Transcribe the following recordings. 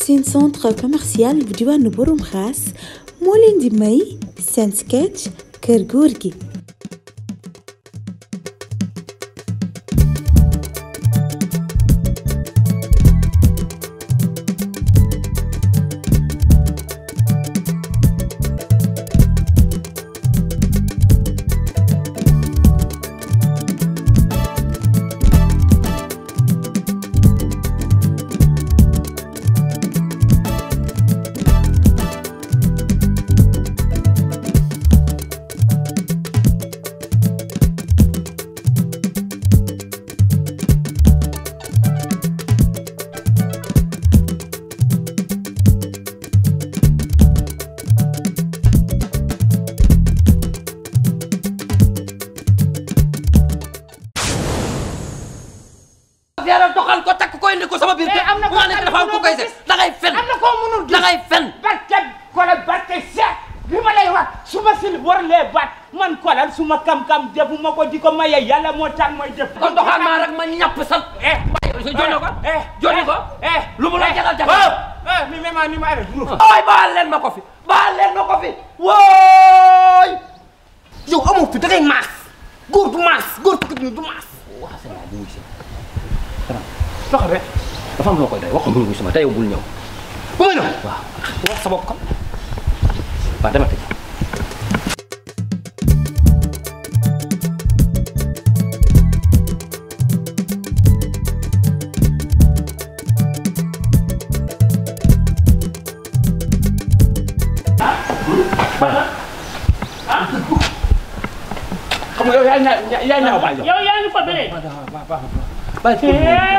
seen centre commercial bu diwaanu Borom Xaas moo di may seen sketch kër gi. kese da ngay fen am na koo munul gis da bi ma lay suba su ma sil war lee man kolal su ma kam-kam defu ma ko di ko maye yàlla moo tax mooy def kon doxal maa rek ma ñàpp sax eh, eh joni ko eh, eh, ko lu mu la jagal jagal eh mi ma arrêté waay baal leen ma ko fi baal leen ma ko fi wooy yow maas góor du maas góor du maas waaw c'est bon dafa am loo koy doy wax ko bul wuy sama te yow bul ñëw bu may ñëw waaw wax sa bopp kon waaw dama tëj yaa ñaaw baa yow yaa ñu ko bëree.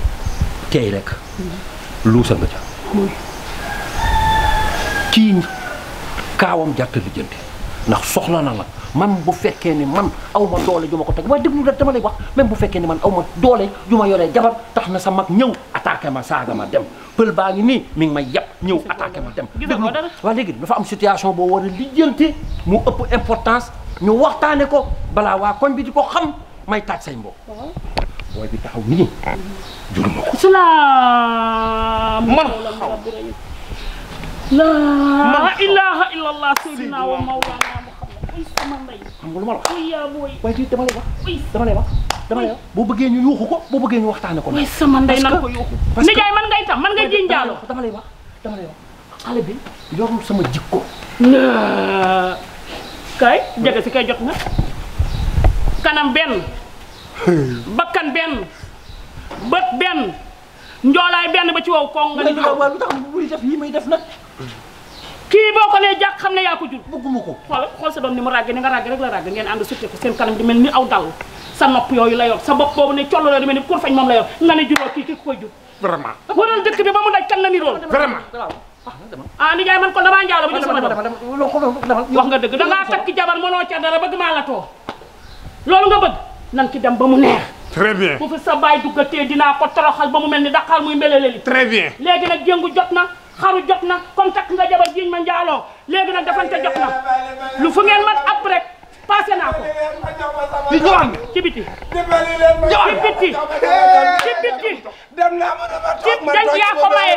tey rek luusa nga ca kii kaawam jàtt lijjanti ndax soxla na la man bu fekkee ni man aw ma doole ju ma ko teg waaye déglu da dama lay wax même bu fekkee ni man aw ma doole ju ma yoree jabar tax na sa mag ñëw attaqué ma saaga ma dem pël baa ngi nii mi ngi may yàpp ñëw attaqué ma dem déglu waaw léegi dafa am situation boo war a lijjanti mu ëpp importance ñu waxtaane ko balaa waa koñ bi di ko xam may taaj say mbokk booy bi taxaw nii juruma ko. salaam. man xaw laa ilaaha illallah sayyidina wa mawlana Muhammad ay sama ndey. xam nga lu ma la wax. ay yaa booy. waaye fii dama lay wax. dama lay wax dama lay wax. boo bëggee ñu yuuxu ko boo bëggee ñu waxtaane ko. waaye sama ndey nan ko yuuxu. parce que nijaay man ngay tam man ngay jéem jaalo. dama lay wax dama lay wax xale bi yorul sama jikko. kay jaga si kay jot na kanam benn. bakkan benn bët benn njoolaay benn ba ci wow koŋ nga ni taxaw waaw lu def kii boo ko nee jàkk xam ne yaa ko jur xool xool sa doom ni mu ràgg ni nga ràgg rek la ràgg ngeen ànd sutte ko seen kanam di mel ni aw dal sa nopp yooyu la yor sa bopp boobu ne collo la di mel ni kur fañ moom la yor nga ne juróo kii kii ko koy jur vraiment waral dëkk bi ba mu daj kan la ni rool vraiment ah nijaay man kon damaa njaalo ba jël sama doom wax nga dëgg dangaa takk jabar mënoo ca la too loolu nan ci dem ba mu neex. très bien bu fi sa baay duggatee dinaa ko toroxal ba mu mel ni daqaar muy mbeleleli. très léegi nag jéngu jot na xaru jot na comme takk nga jabar jiñ ma njaaloo léegi na dafante jot na lu fu ngeen mat ab rek passé naa ko. di ñëwaat ci biti. ñëwaat ci biti ci biti. dem naa ma dama toog ma toog yaa ko maye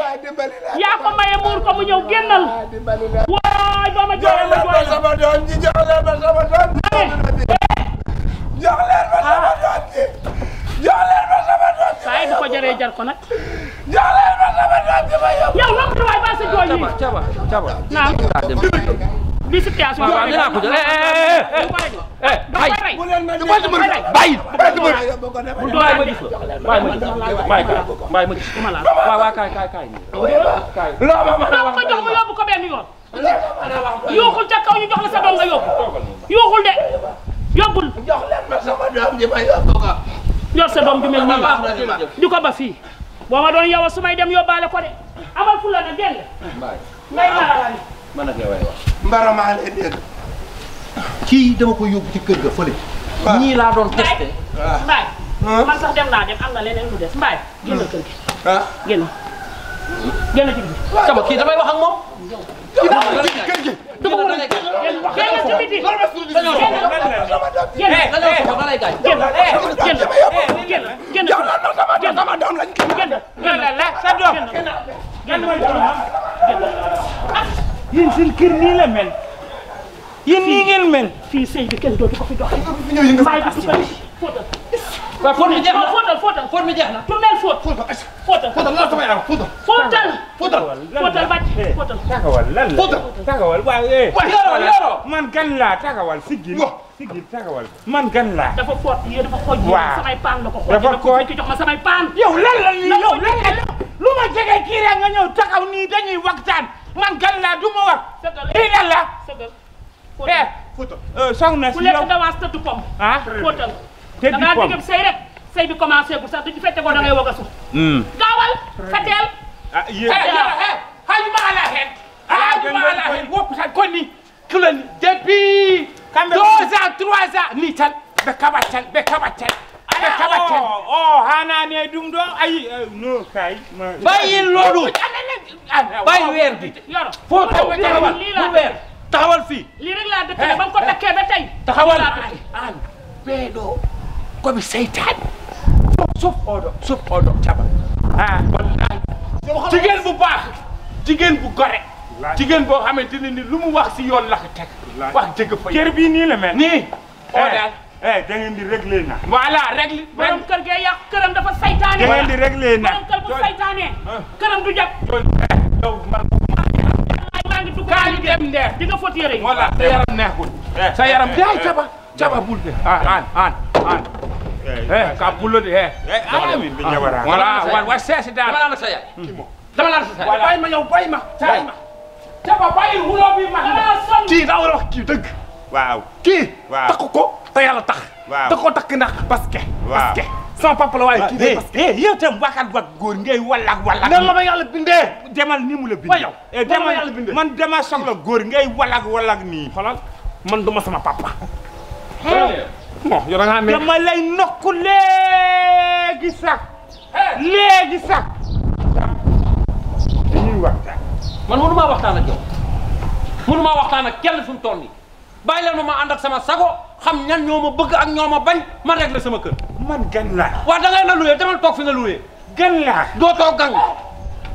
yaa ko maye muur ko mu ñëw génnal. waay ba ma joxee ma joxee. jox leen ma sama ah. doom ji jox leen ma sama doom ji. waaye bu ko jëree jar ko nag. jox leen ma sama doom ji ma yóbbu. yow noppi waay ba sa jooy yi. caba caba caba. naam. bi situation. waaw dinaa ko jël. bàyyi. bu leen ma bàyyi. bu doy ma gis la bàyyi ma gis la bàyyi kaay bàyyi ma gis la. waaw waaw kaay kaay kaay. loo ma mën a wax ko jox ma yóbbu ko benn yoon. yoo xul ca kaw ñu jox la sa doom nga yóbbu yoo xul de. yóbbul jox leen doom ji sa doom ju mel nii di ko ba fii. boo ma doon yow su may dem yóbbaale ko de amal fula na dégg nga. mbay ma nag la way wax. kii dama ko yóbbu ci kër ga fële. ñii laa doon testé. mbaay man sax dem kër gi. ah génn génn ci biir. kii damay wax ak moom. yéen seen kër nii la mel. yéen nii ngeen mel. fii sëy bi kenn dootu ko fi doxee. ñëw yi nga fóot fóotal fóotal lan sama yaram fóotal. fóotal fóotal fóotal bàcc fóotal. man gan laa taxawal sigil. sigil man gan laa. dafa fóot yéen dafa xooj yéen samay ma samay paan. yow lan la yow lan la lu ma jege kii rek nga ñëw taxaw nii dañuy waxtaan man gan laa du ma wax. lii lan la. fóotal eh euh, soxna si yow ku pom. ah fóotal. tëdd pom sëy bi commencé bu sax du ci fekk ko da ngay wog a suuf. Hmm. gaawal feteel. ah yéen xajuma eh, ala xeen. Ah, xajuma ala xeen wokk sax kon ni ku la depuis. quand même deux ans trois ans nii tan be kabat tan be kabat tan. be kabat tan oh oh xanaa ne dum doon ay euh, non kay. Ah, bàyyi weer bi. foo taw taxawal bu weer taxawal laa dëkk eh, ba nga ko eh. takkee ba tey. taxawal an an ko bi seytaan sof sof odo sof odo caɓa ah wallahi bu baax jigéen bu gore jigéen boo xamante lu mu wax si yoon la ko teg wax dëgg fa kër bii nii la mel nii oo eh. daal eh, da ngeen di réglé na voilà réglé borom kër gee yàq këram dafa saytaane da ngeen di réglé na borom ah. eh, yaram neexul caba caba bul be ah, an an an ka pullode he voilà wa seesidaan kii daa war a kii dëgg waaw kii takk ko te yàlla tax da ko takk ndax parce que parce que sama papa kii de parce que yow tam waxaat wax góor ngay wallak wallak nan la yàlla bindee demal ni mu la bindee demal yàlla bindee man dama man duma sama papa eh. bon yow da ngaa ne dama lay nokku léegi sax. léegi sax. waxtaan. man mënumaa waxtaan ak yow mënumaa waxtaan ak kenn fi mu toll nii bàyyi leen ma ànd ak sama sago xam ñan ñoo bëgg ak ñoo ma bañ ma sama kër. man gan laa. waaw da ngay na luwee demal toog fi nga luwee. gan doo toog gang.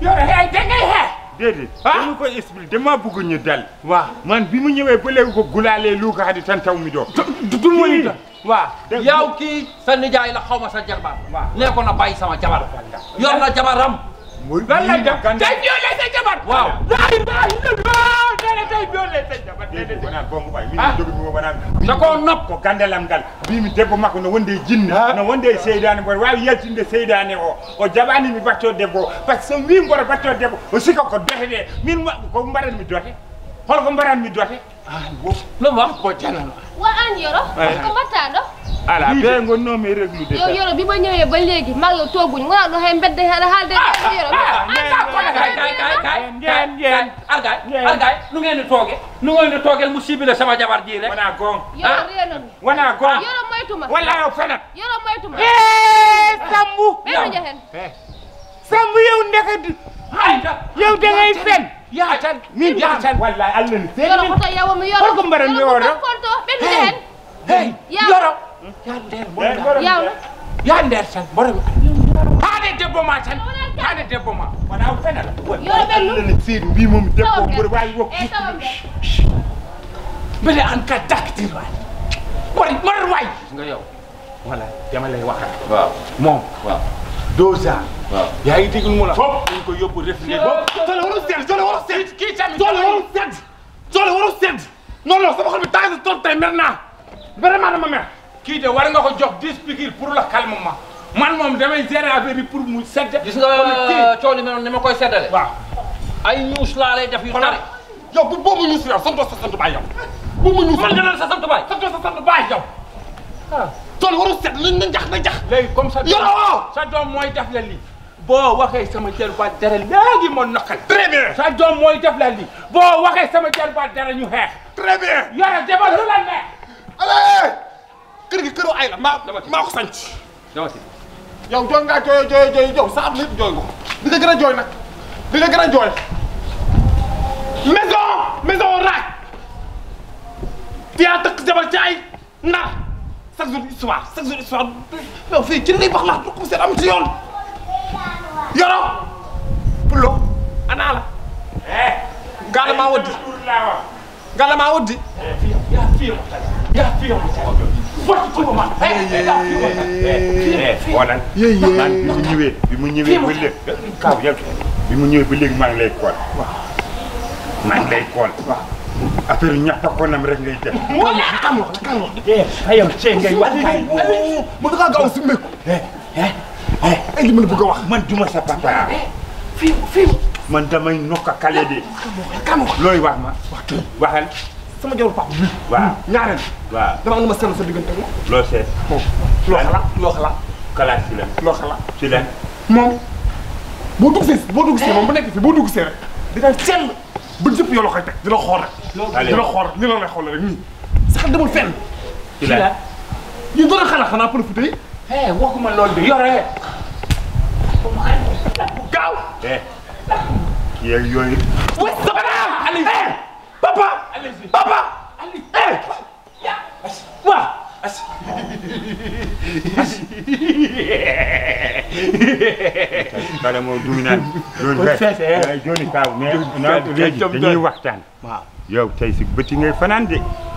yow da ngay xeex. déedéet ah! dama koy expliqué dama bëgg ñu dal waaw man bi mu ñëwee ba léegi ko gulaalee luu ko hadi tan taw mi doo du ma ni waaw yow kii sa nijaay la xaw ma sa jarbaat waaw nee ko na bàyyi sama jabar jabaram lan la def sa jabar. waaw laay laay nee na tey violé sa jabar. déedéet ko naan bongo debbo makko no wonde e no wonde e seydaane mboɗo waawi yaltinde seydaane o o jaɓaani mi battoo debbo o par ce que debbo o sika ko dote ɗe min ko mbaɗanmi dote dote an wo lomo ko janano ah, wa an yoro eh. ko mbatta ɗo ala ah, be gonnomi reglude yo yoro bima ñëwee ba léegi mag yow ah, ah, tooge nu ngeen sama jabar ji rek yoro reenon wona gong yoro moytuma walla yo fenat yoro moytuma sambu ɓeɗo sambu yow ndekadi yow da ngay fen yaa tan yoro yaa ndeer bonɗa yawna yaa ndeer tan mboɗomi haade debbo ma tan haade debbo ma wona fenala yoɓenne seedi mbimomi debbo mboɗo wawi wok beele an ka daktirani wari mboɗo wayi nga yow voilà dama lay waxat waaw moom waaw deux ans waaw yaa ngi déglu mu la foofu dañ ko yóbbu refle boobu sole waru sedd sole waru sedd kii tamit sole waru sedd sole waru sedd non non sama xol bi taas na trop tey mer naa vraiment dama mer kii de war nga ko jox dix piqûres pour le calmement man moom damay gérer affaire bi pour mu sedd. gis nga euh, coow li mel ni ma koy seddale. waaw ay ñuus laa lay def yu tari. yow bu boobu ñuus yow sant sa sant baay yow. boobu ñuus man nga naan sa sant baay. sant sa sant baay yow. ah tool waru set nañ na jax na jax. léegi comme ça sa doom mooy def la lii. boo waxee sama jël ba dara léegi ma naqal. très bien sa doom mooy def la lii. boo waxee sama jël ba dara ñu xeex. très bien. yàlla defal lu la neex. allez. kër gi këru ay la maa maa ko sanc jooy ngaa jooy jooy jooy yow jooy nga di nga gën a jooy nag jooy maison maison raaj yaa tëkk jabar ci ay nar chaque jour histoire chaque jour histoire yow fii ci lay wax laa du ko am ci yoon yoro pulo anaa la eh. gàll maa wëddi gàll maa wëddi eh, yaa fiir yaa fiir Eh, eh, xoolal man bi mu ñëwee bi mu ñëwee ba léegi kaw bi mu ñëwee maa ngi lay kool maa ngi lay kool affaire ñax ko wax la xam wax. eh Seye ngay wax. mu dafa gaaw si mbéy. eh eh, eh. li ma la a wax. man duma sa looy wax ma waxal. sama jaww papa. waaw hmm. ñaareel. waaw dama am lu ma seetlu sa diggante moom. loo seet. moom loo xalaat loo xalaat. kalaas si la. loo xalaat si la. moom boo dugg see boo dugg see moom bu nekk fi boo dugg see rek dina sell ba jëpp yoo la koy teg dina xool rek. dina xool rek ni la lay xoolee rek nii. sax demul fenn. si la ñu doon xalaat xanaa profité yi. eh waxuma loolu de yore. gaaw. eh yooyu. wala sabala Aliou. papa papa eh waaw bala moo dugg naan loolu rek eh? eh, joni kaw mais dañuy waxtaan waaw yow tey si bëti ngay fanaan de